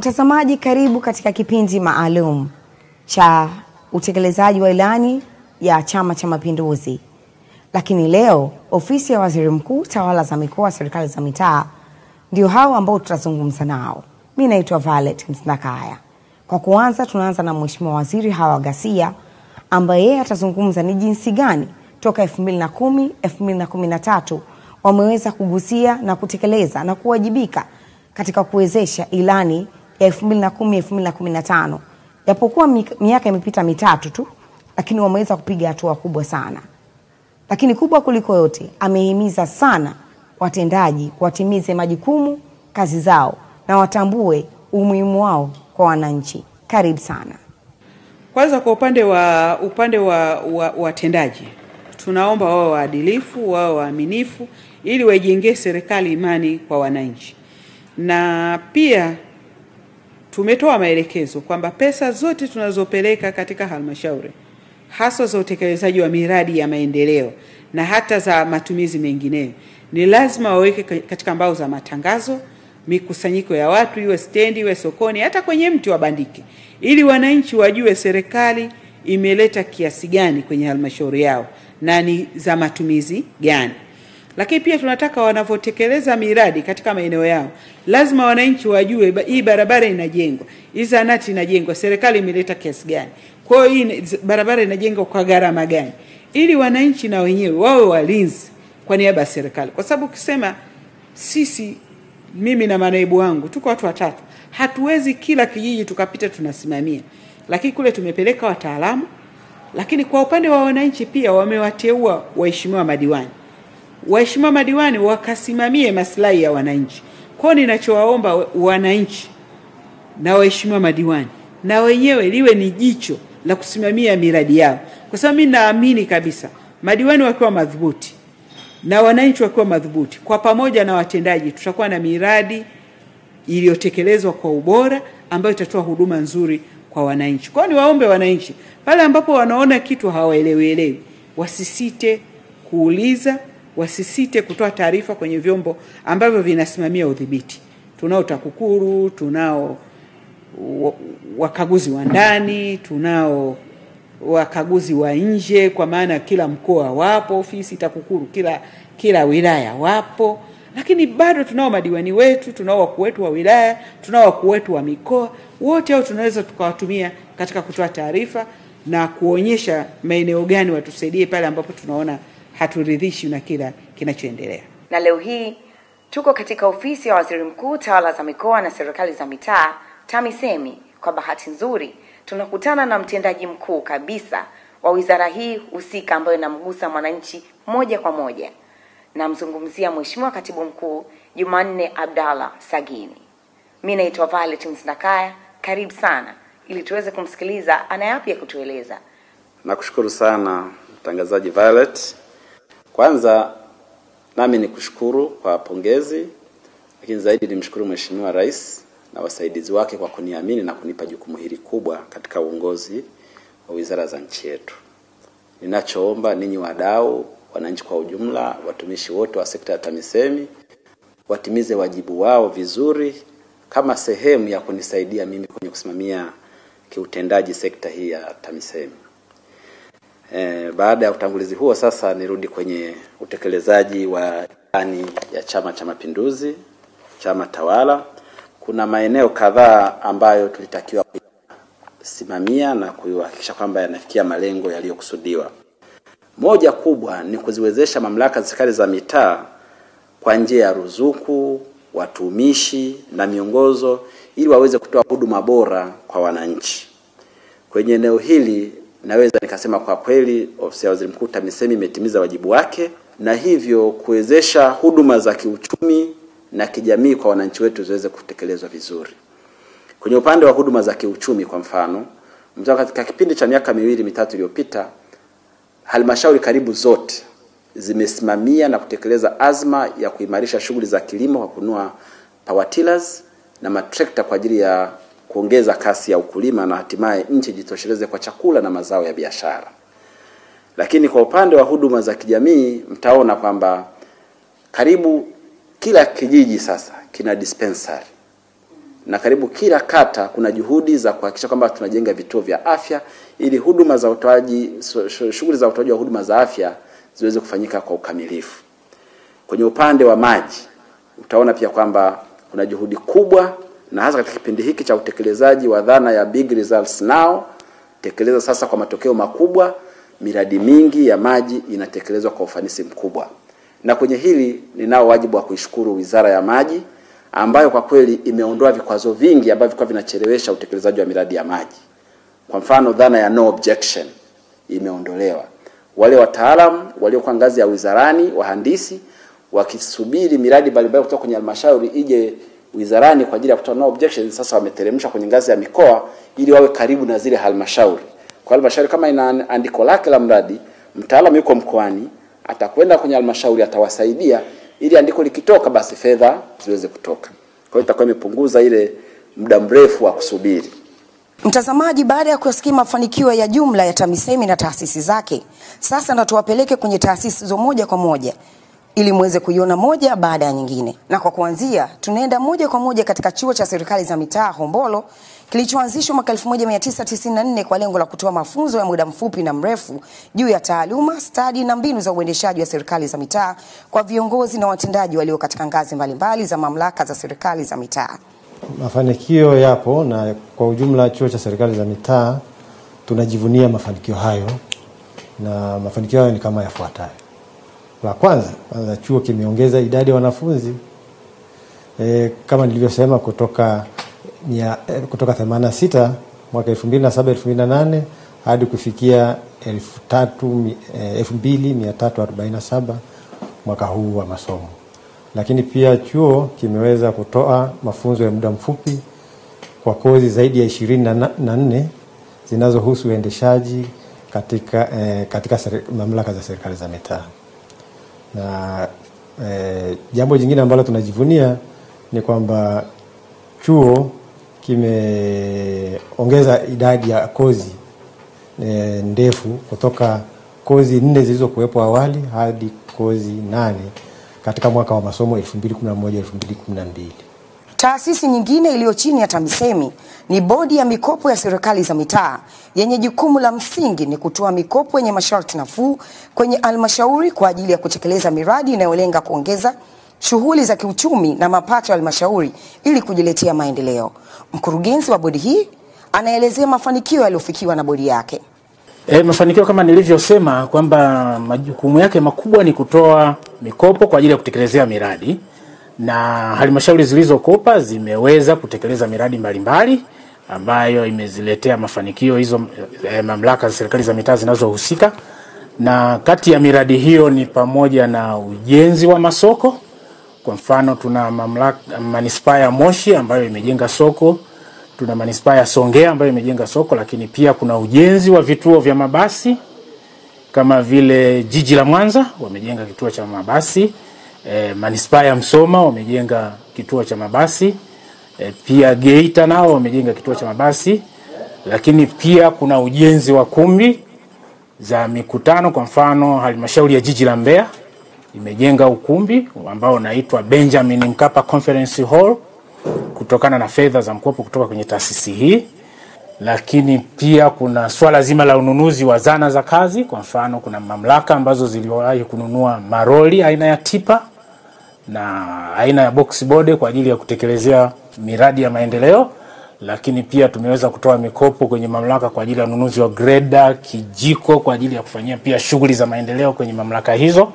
Mtazamaji, karibu katika kipindi maalum cha utekelezaji wa ilani ya Chama cha Mapinduzi. Lakini leo ofisi ya waziri mkuu, tawala za mikoa, serikali za mitaa, ndio hao ambao tutazungumza nao. Mi naitwa Violet Msindakaya. Kwa kuanza, tunaanza na mheshimiwa waziri Hawa Ghasia ambaye yeye atazungumza ni jinsi gani toka 2010 2013 wameweza kugusia na kutekeleza na kuwajibika katika kuwezesha ilani ya 2010 2015 japokuwa miaka imepita mitatu tu, lakini wameweza kupiga hatua kubwa sana. Lakini kubwa kuliko yote, amehimiza sana watendaji watimize majukumu kazi zao na watambue umuhimu wao kwa wananchi. Karibu sana. Kwanza kwa upande wa upande wa watendaji wa tunaomba wao waadilifu, wao waaminifu, ili waijengee serikali imani kwa wananchi na pia tumetoa maelekezo kwamba pesa zote tunazopeleka katika halmashauri hasa za utekelezaji wa miradi ya maendeleo na hata za matumizi mengineyo ni lazima waweke katika mbao za matangazo, mikusanyiko ya watu, iwe stendi, iwe sokoni, hata kwenye mti wabandike, ili wananchi wajue serikali imeleta kiasi gani kwenye halmashauri yao na ni za matumizi gani. Lakini pia tunataka wanavyotekeleza miradi katika maeneo yao, lazima wananchi wajue hii barabara inajengwa, hii zahanati inajengwa, serikali imeleta kiasi gani, kwa hiyo hii barabara inajengwa kwa gharama gani, ili wananchi na wenyewe wawe walinzi kwa niaba ya serikali, kwa sababu ukisema sisi, mimi na manaibu wangu tuko watu watatu, hatuwezi kila kijiji tukapita tunasimamia, lakini kule tumepeleka wataalamu, lakini kwa upande wa wananchi pia wamewateua waheshimiwa madiwani waheshimiwa madiwani wakasimamie maslahi ya wananchi. Kwao ninachowaomba wananchi na waheshimiwa madiwani na wenyewe liwe ni jicho la kusimamia miradi yao, kwa sababu mimi naamini kabisa madiwani wakiwa madhubuti na wananchi wakiwa madhubuti, kwa pamoja na watendaji, tutakuwa na miradi iliyotekelezwa kwa ubora ambayo itatoa huduma nzuri kwa wananchi. Kwao niwaombe wananchi, pale ambapo wanaona kitu hawaelewielewi, wasisite kuuliza wasisite kutoa taarifa kwenye vyombo ambavyo vinasimamia udhibiti. Tunao TAKUKURU, tunao wakaguzi wa ndani, tunao wakaguzi wa nje, kwa maana kila mkoa wapo ofisi TAKUKURU, kila kila wilaya wapo, lakini bado tunao madiwani wetu, tunao wakuu wetu wa wilaya, tunao wakuu wetu wa mikoa, wote hao tunaweza tukawatumia katika kutoa taarifa na kuonyesha maeneo gani watusaidie pale ambapo tunaona haturidhishwi na kila kinachoendelea. Na leo hii tuko katika ofisi ya waziri mkuu, tawala za mikoa na serikali za mitaa, TAMISEMI. Kwa bahati nzuri, tunakutana na mtendaji mkuu kabisa wa wizara hii husika ambayo inamgusa mwananchi moja kwa moja. Namzungumzia Mheshimiwa Katibu Mkuu Jumanne Abdalla Sagini. Mi naitwa Violet Msindakaya, karibu sana ili tuweze kumsikiliza ana yapi ya kutueleza. Nakushukuru sana mtangazaji Violet kwanza nami ni kushukuru kwa pongezi, lakini zaidi ni mshukuru Mheshimiwa Rais na wasaidizi wake kwa kuniamini na kunipa jukumu hili kubwa katika uongozi wa wizara za nchi yetu. Ninachoomba ninyi wadau, wananchi kwa ujumla, watumishi wote wa sekta ya TAMISEMI watimize wajibu wao vizuri kama sehemu ya kunisaidia mimi kwenye kusimamia kiutendaji sekta hii ya TAMISEMI. E, baada ya utangulizi huo sasa nirudi kwenye utekelezaji wa ilani ya Chama cha Mapinduzi, chama tawala. Kuna maeneo kadhaa ambayo tulitakiwa kusimamia na kuhakikisha kwamba yanafikia malengo yaliyokusudiwa. Moja kubwa ni kuziwezesha mamlaka za serikali za mitaa kwa njia ya ruzuku, watumishi na miongozo ili waweze kutoa huduma bora kwa wananchi. Kwenye eneo hili naweza nikasema kwa kweli ofisi ya waziri mkuu TAMISEMI imetimiza wajibu wake na hivyo kuwezesha huduma za kiuchumi na kijamii kwa wananchi wetu ziweze kutekelezwa vizuri. Kwenye upande wa huduma za kiuchumi, kwa mfano, mtoka katika kipindi cha miaka miwili mitatu iliyopita, halmashauri karibu zote zimesimamia na kutekeleza azma ya kuimarisha shughuli za kilimo kwa kununua power tillers na matrekta kwa ajili ya kuongeza kasi ya ukulima na hatimaye nchi jitosheleze kwa chakula na mazao ya biashara. Lakini kwa upande wa huduma za kijamii, mtaona kwamba karibu kila kijiji sasa kina dispensary na karibu kila kata kuna juhudi za kuhakikisha kwamba tunajenga vituo vya afya ili huduma za utoaji shughuli za utoaji wa huduma za afya ziweze kufanyika kwa ukamilifu. Kwenye upande wa maji, utaona pia kwamba kuna juhudi kubwa na hasa katika kipindi hiki cha utekelezaji wa dhana ya big results now, tekeleza sasa kwa matokeo makubwa. Miradi mingi ya maji inatekelezwa kwa ufanisi mkubwa, na kwenye hili ninao wajibu wa kuishukuru Wizara ya Maji ambayo kwa kweli imeondoa vikwazo vingi ambavyo vilikuwa vinachelewesha utekelezaji wa miradi ya maji. Kwa mfano, dhana ya no objection imeondolewa. Wale wataalamu waliokuwa ngazi ya wizarani, wahandisi wakisubiri miradi mbalimbali kutoka kwenye halmashauri ije wizarani kwa ajili ya kutoa objection, sasa wameteremsha kwenye ngazi ya mikoa ili wawe karibu na zile halmashauri. Kwa halmashauri kama ina andiko lake la mradi, mtaalamu yuko mkoani, atakwenda kwenye halmashauri, atawasaidia ili andiko likitoka, basi fedha ziweze kutoka. Kwa hiyo itakuwa imepunguza ile muda mrefu wa kusubiri. Mtazamaji, baada ya kusikia mafanikio ya jumla ya TAMISEMI na taasisi zake, sasa ndo tuwapeleke kwenye taasisi zo moja kwa moja ili muweze kuiona moja baada ya nyingine. Na kwa kuanzia, tunaenda moja kwa moja katika chuo cha serikali za mitaa Hombolo kilichoanzishwa mwaka 1994 kwa lengo la kutoa mafunzo ya muda mfupi na mrefu juu ya taaluma, stadi na mbinu za uendeshaji wa serikali za mitaa kwa viongozi na watendaji walio katika ngazi mbalimbali za mamlaka za serikali za mitaa. Mafanikio yapo na kwa ujumla, chuo cha serikali za mitaa tunajivunia mafanikio hayo, na mafanikio hayo ni kama yafuatayo la kwanza. Kwanza chuo kimeongeza idadi ya wanafunzi e, kama nilivyosema kutoka, mia, e, kutoka 86 mwaka 2007 2008 hadi kufikia 2347 e, mwaka huu wa masomo. Lakini pia chuo kimeweza kutoa mafunzo ya muda mfupi kwa kozi zaidi ya 24 zinazohusu uendeshaji katika, eh, katika mamlaka za serikali za mitaa na e, jambo jingine ambalo tunajivunia ni kwamba chuo kimeongeza idadi ya kozi e, ndefu kutoka kozi nne zilizokuwepo awali hadi kozi nane katika mwaka wa masomo 2011 2012. Taasisi nyingine iliyo chini ya TAMISEMI ni bodi ya mikopo ya serikali za mitaa yenye jukumu la msingi ni kutoa mikopo yenye masharti nafuu kwenye halmashauri kwa ajili ya kutekeleza miradi inayolenga kuongeza shughuli za kiuchumi na mapato ya halmashauri ili kujiletea maendeleo. Mkurugenzi wa bodi hii anaelezea mafanikio yaliyofikiwa na bodi yake. E, mafanikio kama nilivyosema kwamba majukumu yake makubwa ni kutoa mikopo kwa ajili ya kutekelezea miradi na halmashauri zilizokopa zimeweza kutekeleza miradi mbalimbali mbali ambayo imeziletea mafanikio hizo e, mamlaka za serikali za mitaa zinazohusika, na kati ya miradi hiyo ni pamoja na ujenzi wa masoko. Kwa mfano, tuna mamlaka manispaa ya Moshi ambayo imejenga soko, tuna manispaa ya Songea ambayo imejenga soko, lakini pia kuna ujenzi wa vituo vya mabasi kama vile jiji la Mwanza wamejenga kituo cha mabasi E, manispaa ya Msoma wamejenga kituo cha mabasi e, pia Geita nao wamejenga kituo cha mabasi, lakini pia kuna ujenzi wa kumbi za mikutano. Kwa mfano, halmashauri ya jiji la Mbeya imejenga ukumbi ambao unaitwa Benjamin Mkapa Conference Hall kutokana na fedha za mkopo kutoka kwenye taasisi hii lakini pia kuna swala zima la ununuzi wa zana za kazi. Kwa mfano, kuna mamlaka ambazo ziliwahi kununua maroli aina ya tipa na aina ya box kwa ajili ya kutekelezea miradi ya maendeleo, lakini pia tumeweza kutoa mikopo kwenye mamlaka kwa ajili ya ununuzi wa greda, kijiko kwa ajili ya kufanyia pia shughuli za maendeleo kwenye mamlaka hizo.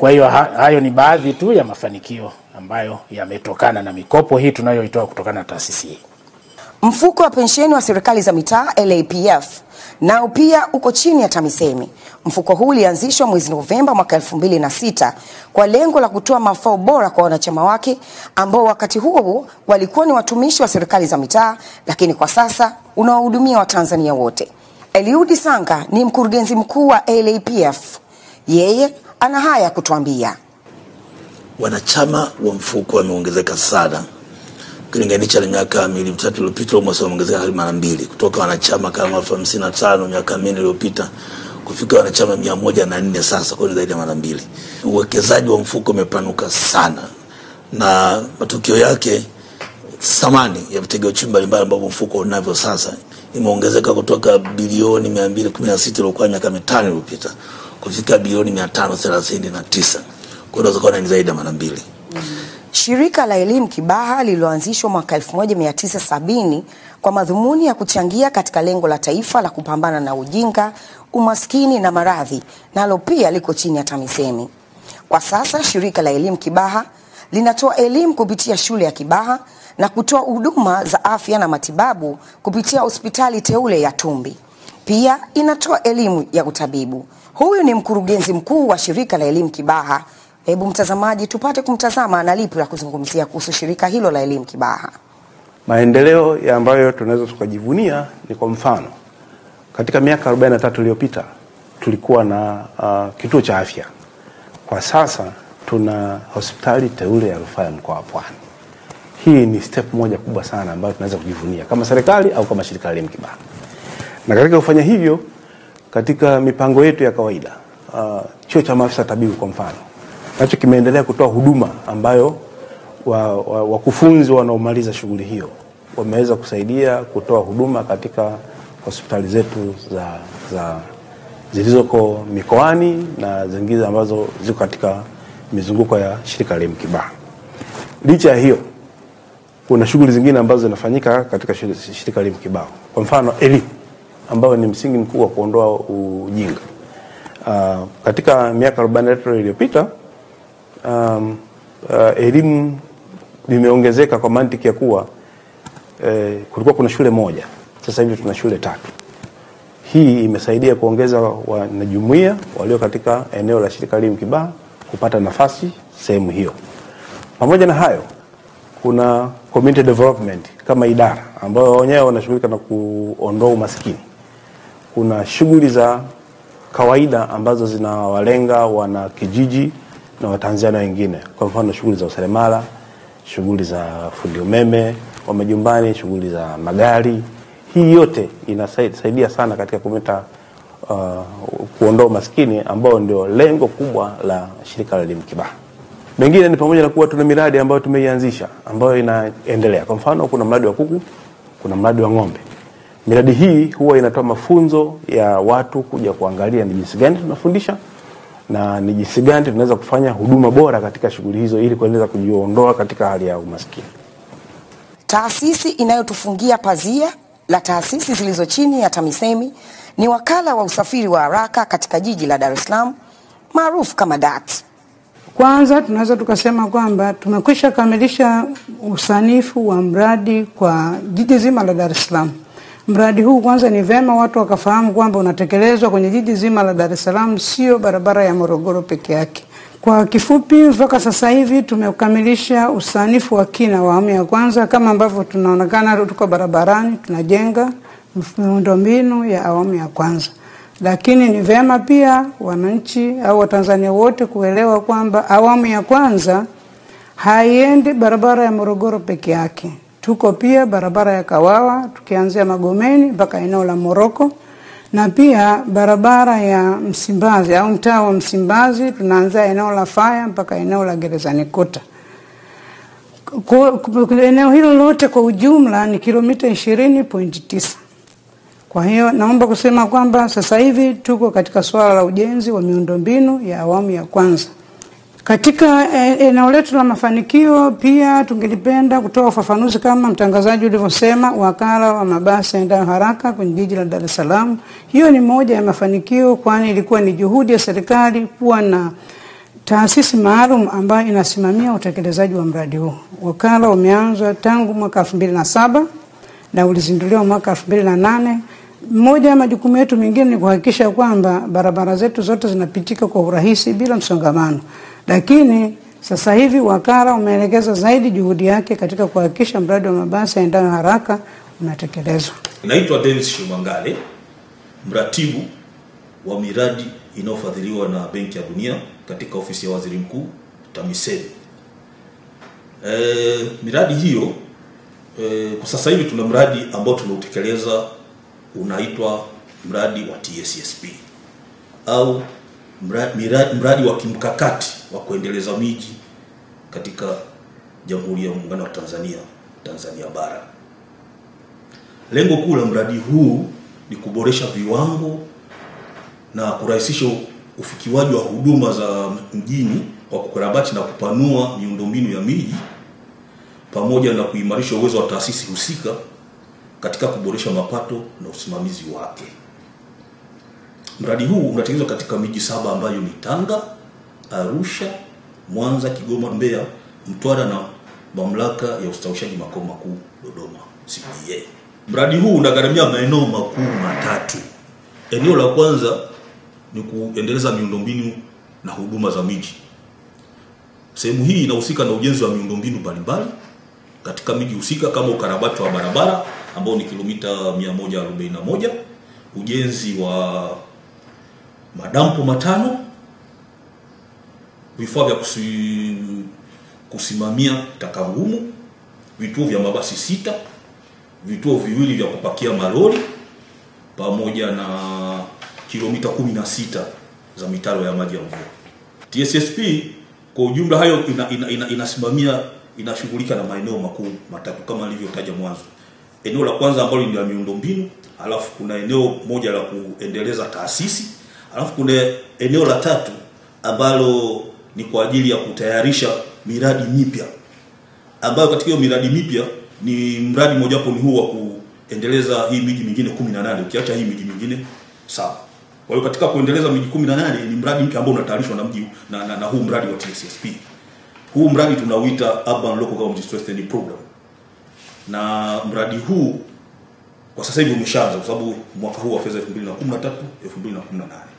Kwa hiyo hayo ni baadhi tu ya mafanikio ambayo yametokana na mikopo hii tunayoitoa kutokana na taasisi hii. Mfuko wa pensheni wa serikali za mitaa LAPF nao pia uko chini ya TAMISEMI. Mfuko huu ulianzishwa mwezi Novemba mwaka sita kwa lengo la kutoa mafao bora kwa wanachama wake ambao wakati huo walikuwa ni watumishi wa serikali za mitaa, lakini kwa sasa unawahudumia Watanzania wote. Eliudi Sanga ni mkurugenzi mkuu wa LAPF. Yeye ana haya kutuambia. Wanachama wa mfuko wameongezeka sana ukilinganisha na miaka miwili mitatu iliyopita, almost wameongezeka hadi mara mbili kutoka wanachama kama elfu hamsini na tano miaka minne iliyopita kufika wanachama mia moja na nne sasa, kwa zaidi ya mara mbili. Uwekezaji wa mfuko umepanuka sana, na matukio yake thamani ya vitega uchumi mbalimbali ambavyo mfuko unavyo sasa imeongezeka kutoka bilioni mia mbili kumi na sita iliyokuwa miaka mitano iliyopita kufika bilioni mia tano thelathini na tisa Kwa hiyo unaweza kuona ni zaidi ya mara mbili. Mm -hmm. Shirika la elimu Kibaha lililoanzishwa mwaka 1970 kwa madhumuni ya kuchangia katika lengo la taifa la kupambana na ujinga, umaskini na maradhi, nalo pia liko chini ya TAMISEMI. Kwa sasa shirika la elimu Kibaha linatoa elimu kupitia shule ya Kibaha na kutoa huduma za afya na matibabu kupitia hospitali teule ya Tumbi. Pia inatoa elimu ya utabibu. Huyu ni mkurugenzi mkuu wa shirika la elimu Kibaha Hebu mtazamaji, tupate kumtazama na lipi la kuzungumzia kuhusu shirika hilo la elimu Kibaha. Maendeleo ya ambayo tunaweza tukajivunia ni kwa mfano, katika miaka 43 iliyopita tulikuwa na uh, kituo cha afya. Kwa sasa tuna hospitali teule ya rufaa ya mkoa wa Pwani. Hii ni step moja kubwa sana ambayo tunaweza kujivunia kama serikali au kama shirika la elimu Kibaha. Na katika kufanya hivyo, katika mipango yetu ya kawaida uh, chuo cha maafisa tabibu kwa mfano nacho kimeendelea kutoa huduma ambayo wakufunzi wa, wa wanaomaliza shughuli hiyo wameweza kusaidia kutoa huduma katika hospitali zetu za, za zilizoko mikoani na zingine ambazo ziko katika mizunguko ya shirika la Imkiba. Licha ya hiyo, kuna shughuli zingine ambazo zinafanyika katika shirika la Imkiba, kwa mfano elimu ambayo ni msingi mkuu wa kuondoa ujinga. Uh, katika miaka 43 iliyopita um, uh, elimu limeongezeka kwa mantiki ya kuwa eh, kulikuwa kuna shule moja, sasa hivi tuna shule tatu. Hii imesaidia kuongeza wanajumuia walio katika eneo la shirika elimu Kibaha kupata nafasi sehemu hiyo. Pamoja na hayo, kuna community development kama idara ambayo wenyewe wanashughulika na kuondoa umaskini. Kuna shughuli za kawaida ambazo zinawalenga wana kijiji na Watanzania wengine, kwa mfano shughuli za useremala, shughuli za fundi umeme wa majumbani, shughuli za magari. Hii yote inasaidia sana katika kumeta uh, kuondoa umaskini ambao ndio lengo kubwa la shirika la elimu Kibaha. Mengine ni pamoja na kuwa tuna miradi ambayo tumeianzisha ambayo inaendelea. Kwa mfano, kuna mradi wa kuku, kuna mradi wa ng'ombe. Miradi hii huwa inatoa mafunzo ya watu kuja kuangalia ni jinsi gani tunafundisha na ni jinsi gani tunaweza kufanya huduma bora katika shughuli hizo ili kuendeleza kujiondoa katika hali ya umaskini. Taasisi inayotufungia pazia la taasisi zilizo chini ya TAMISEMI ni wakala wa usafiri wa haraka katika jiji la Dar es Salaam maarufu kama DART. Kwanza tunaweza tukasema kwamba tumekwisha kamilisha usanifu wa mradi kwa jiji zima la Dar es Salaam Mradi huu kwanza, ni vema watu wakafahamu kwamba unatekelezwa kwenye jiji zima la Dar es Salaam, sio barabara ya Morogoro peke yake. Kwa kifupi, mpaka sasa hivi tumekamilisha usanifu wa kina wa awamu ya kwanza. Kama ambavyo tunaonekana, tuko barabarani tunajenga miundombinu ya awamu ya kwanza, lakini ni vema pia wananchi au Watanzania wote kuelewa kwamba awamu ya kwanza haiendi barabara ya Morogoro peke yake. Tuko pia barabara ya Kawawa tukianzia Magomeni mpaka eneo la Moroko, na pia barabara ya Msimbazi au mtaa wa Msimbazi tunaanzia eneo la Faya mpaka eneo la Gerezani Kuta. Eneo hilo lote kwa ujumla ni kilomita 20.9. Kwa hiyo naomba kusema kwamba sasa hivi tuko katika suala la ujenzi wa miundombinu ya awamu ya kwanza katika eh, eneo letu la mafanikio pia tungelipenda kutoa ufafanuzi kama mtangazaji ulivyosema, wakala wa mabasi yaendayo haraka kwenye jiji la Dar es Salaam. Hiyo ni moja ya mafanikio, kwani ilikuwa ni juhudi ya serikali kuwa na taasisi maalum ambayo inasimamia utekelezaji wa mradi huu. Wakala umeanzwa tangu mwaka 2007 na ulizinduliwa mwaka nane. Mmoja ya majukumu yetu mengine ni kuhakikisha kwamba barabara zetu zote zinapitika kwa urahisi bila msongamano. Lakini sasa hivi wakara umeelekeza zaidi juhudi yake katika kuhakikisha mradi wa mabasi aendayo haraka unatekelezwa. Naitwa Dennis Shimangale, mratibu wa miradi inayofadhiliwa na Benki ya Dunia katika ofisi ya Waziri Mkuu TAMISEMI. E, miradi hiyo e, kwa sasa hivi tuna mradi ambao tumeutekeleza unaitwa mradi wa TSSP au mradi, wa kimkakati wa kuendeleza miji katika Jamhuri ya Muungano wa Tanzania, Tanzania Bara. Lengo kuu la mradi huu ni kuboresha viwango na kurahisisha ufikiwaji wa huduma za mjini kwa kukarabati na kupanua miundombinu ya miji pamoja na kuimarisha uwezo wa taasisi husika katika kuboresha mapato na usimamizi wake. Mradi huu unatekelezwa katika miji saba ambayo ni Tanga, Arusha, Mwanza, Kigoma, Mbeya, Mtwara na mamlaka ya ustawishaji makao makuu Dodoma CBA. Mradi huu unagharamia maeneo makuu matatu. Eneo la kwanza ni kuendeleza miundombinu na huduma za miji. Sehemu hii inahusika na ujenzi wa miundombinu mbalimbali katika miji husika kama ukarabati wa barabara ambao ni kilomita 141, ujenzi wa madampo matano, vifaa vya kusi, kusimamia taka ngumu, vituo vya mabasi sita, vituo viwili vya kupakia malori pamoja na kilomita sita za mitaro ya maji ya mvua. TSSP kwa ujumla hayo inasimamia ina, ina, ina inashughulika na maeneo makuu matatu kama alivyotaja mwanzo. Eneo la kwanza ambalo ni la miundombinu, alafu kuna eneo moja la kuendeleza taasisi Alafu kuna eneo la tatu ambalo ni kwa ajili ya kutayarisha miradi mipya ambayo katika hiyo miradi mipya ni mradi mojawapo ni huu wa kuendeleza hii miji mingine 18 ukiacha hii miji mingine sawa. Kwa hiyo katika kuendeleza miji 18 ni mradi mpya ambao unatayarishwa na mji na, na, na huu mradi wa TSSP. Huu mradi tunauita Urban Local Government Strengthening Program. Na mradi huu kwa sasa hivi umeshaanza kwa sababu mwaka huu wa fedha 2013 2018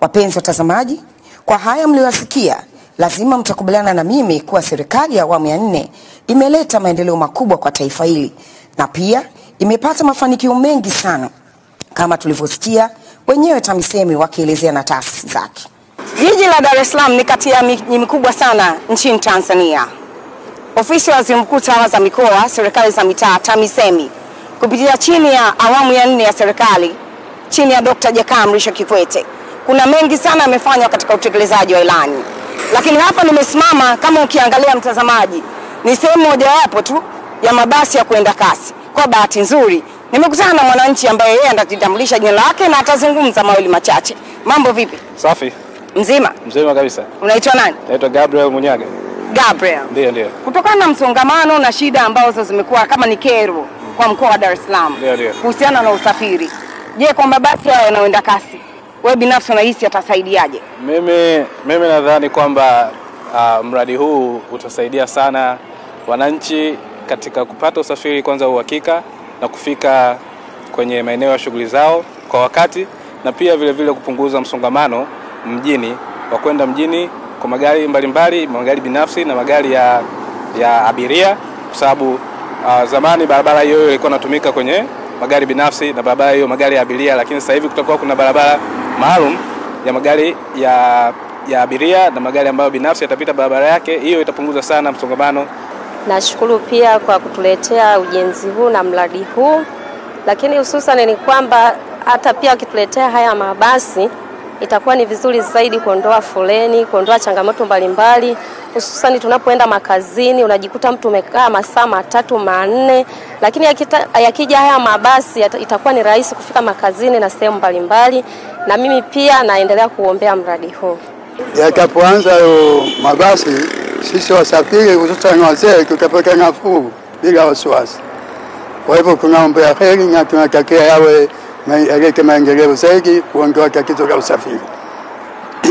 Wapenzi watazamaji, kwa haya mliyoyasikia, lazima mtakubaliana na mimi kuwa serikali ya awamu ya nne imeleta maendeleo makubwa kwa taifa hili na pia imepata mafanikio mengi sana kama tulivyosikia wenyewe TAMISEMI wakielezea na taasisi zake. Jiji la Dar es Salaam ni kati ya miji mikubwa sana nchini Tanzania. Ofisi ya Waziri Mkuu, Tawala za Mikoa, Serikali za Mitaa, TAMISEMI kupitia chini ya awamu ya nne ya serikali chini ya Dr. Jakaya Mrisho Kikwete kuna mengi sana yamefanywa katika utekelezaji wa ilani, lakini hapa nimesimama, kama ukiangalia mtazamaji, ni sehemu mojawapo tu ya mabasi ya kuenda kasi. Kwa bahati nzuri nimekutana na mwananchi ambaye yeye anajitambulisha jina lake na atazungumza mawili machache. Mambo vipi? Safi. Mzima? Mzima kabisa. Unaitwa nani? Naitwa Gabriel Munyaga. Gabriel. Ndio, ndio. Kutokana na msongamano na shida ambazo zimekuwa kama ni kero kwa mkoa wa Dar es Salaam kuhusiana na usafiri, je, kwa mabasi hayo yanayoenda kasi wewe binafsi unahisi atasaidiaje? Mimi, mimi nadhani kwamba uh, mradi huu utasaidia sana wananchi katika kupata usafiri kwanza uhakika na kufika kwenye maeneo ya shughuli zao kwa wakati na pia vile vile kupunguza msongamano mjini wa kwenda mjini kwa magari mbalimbali, magari binafsi na magari ya, ya abiria kwa sababu uh, zamani barabara hiyo ilikuwa inatumika kwenye magari binafsi na barabara hiyo magari ya abiria, lakini sasa hivi kutakuwa kuna barabara maalum ya magari ya ya abiria na magari ambayo binafsi yatapita barabara yake. Hiyo itapunguza sana msongamano. Nashukuru pia kwa kutuletea ujenzi huu na mradi huu, lakini hususan ni kwamba hata pia wakituletea haya mabasi itakuwa ni vizuri zaidi kuondoa foleni, kuondoa changamoto mbalimbali, hususan tunapoenda makazini, unajikuta mtu umekaa masaa matatu manne, lakini yakija haya mabasi itakuwa ni rahisi kufika makazini na sehemu mbalimbali na mimi pia naendelea kuombea mradi huu. yatapoanza hayo mabasi, sisi wasafiri hususani wazee tutapata nafuu bila wasiwasi. Kwa hivyo tunaombea heri na tunatakia yawe yalete maendeleo zaidi kuondoa tatizo la usafiri.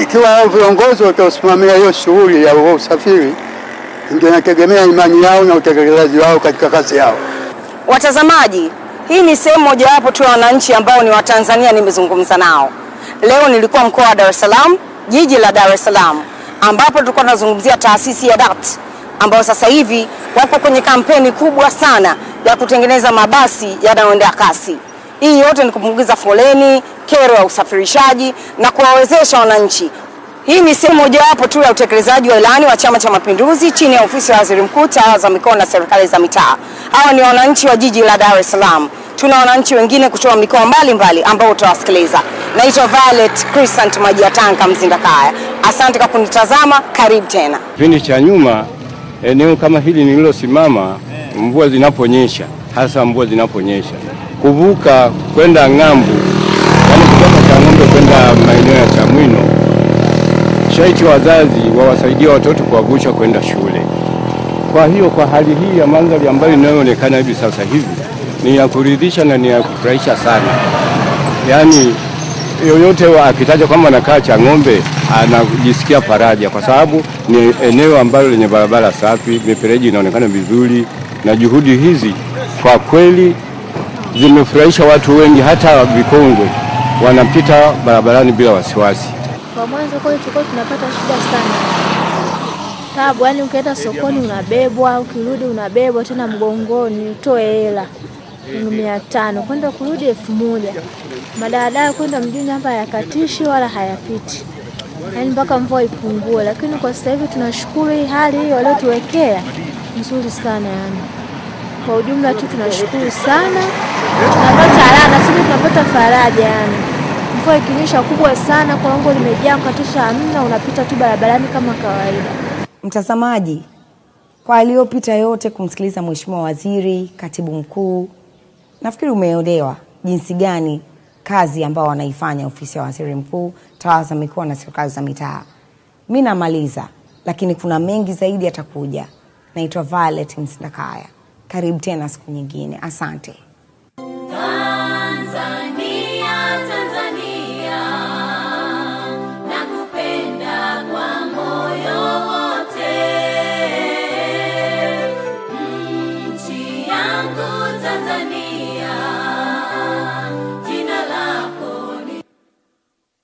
Ikiwa viongozi watausimamia hiyo shughuli ya usafiri, ndio nategemea imani yao na utekelezaji wao katika kazi yao. Watazamaji, hii ni sehemu mojawapo tu ya wananchi ambao ni Watanzania nimezungumza nao. Leo nilikuwa mkoa wa Dar es Salaam, jiji la Dar es Salaam, ambapo tulikuwa tunazungumzia taasisi ya DART ambao sasa hivi wako kwenye kampeni kubwa sana ya kutengeneza mabasi yanayoenda kasi. Hii yote ni kupunguza foleni, kero ya usafirishaji na kuwawezesha wananchi hii ni sehemu mojawapo tu ya utekelezaji wa ilani wa Chama cha Mapinduzi chini ya ofisi ya waziri mkuu, tawala za mikoa na serikali za mitaa. Hawa ni wananchi wa jiji la Dar es Salaam. Tuna wananchi wengine kutoka mikoa mbalimbali ambao utawasikiliza. Naitwa Violet Crisant maji Mzindakaya. Asante kwa kunitazama, karibu tena. Kipindi cha nyuma, eneo kama hili nililosimama, eh. mvua zinaponyesha, hasa mvua zinaponyesha, kuvuka kwenda ng'ambu, yani kutoka cha ng'ombe kwenda maeneo tushaiti wazazi wawasaidia watoto kuwavusha kwenda shule. Kwa hiyo kwa hali hii ya mandhari ambayo inayoonekana hivi sasa hivi ni ya kuridhisha na ni ya kufurahisha sana. Yaani yoyote akitaja kwamba anakaa ng'ombe anajisikia faraja, kwa sababu ni eneo ambalo lenye barabara safi, mifereji inaonekana vizuri, na juhudi hizi kwa kweli zimefurahisha watu wengi, hata vikongwe wanapita barabarani bila wasiwasi kwa mwanzo kweli tulikuwa tunapata shida sana, tabu. Yani ukienda sokoni unabebwa, ukirudi unabebwa tena mgongoni, utoe hela mia tano kwenda kurudi elfu moja. Madaladala kwenda mjini hapa hayakatishi wala hayapiti, yaani mpaka mvua ipungue. Lakini kwa sasa hivi tunashukuru hii hali hii waliotuwekea nzuri sana, yani kwa ujumla tu tunashukuru sana, tunapata raha na tunapata faraja yani. Mvua ikinyesha kubwa sana, kwangu limejaa, mkatisha hamna, unapita tu barabarani kama kawaida. Mtazamaji, kwa aliyopita yote kumsikiliza Mheshimiwa Waziri, Katibu Mkuu, nafikiri umeelewa jinsi gani kazi ambao wanaifanya ofisi ya Waziri Mkuu, tawala za mikoa na serikali za mitaa. Mi namaliza, lakini kuna mengi zaidi yatakuja. Naitwa Violet Msindakaya, karibu tena siku nyingine, asante.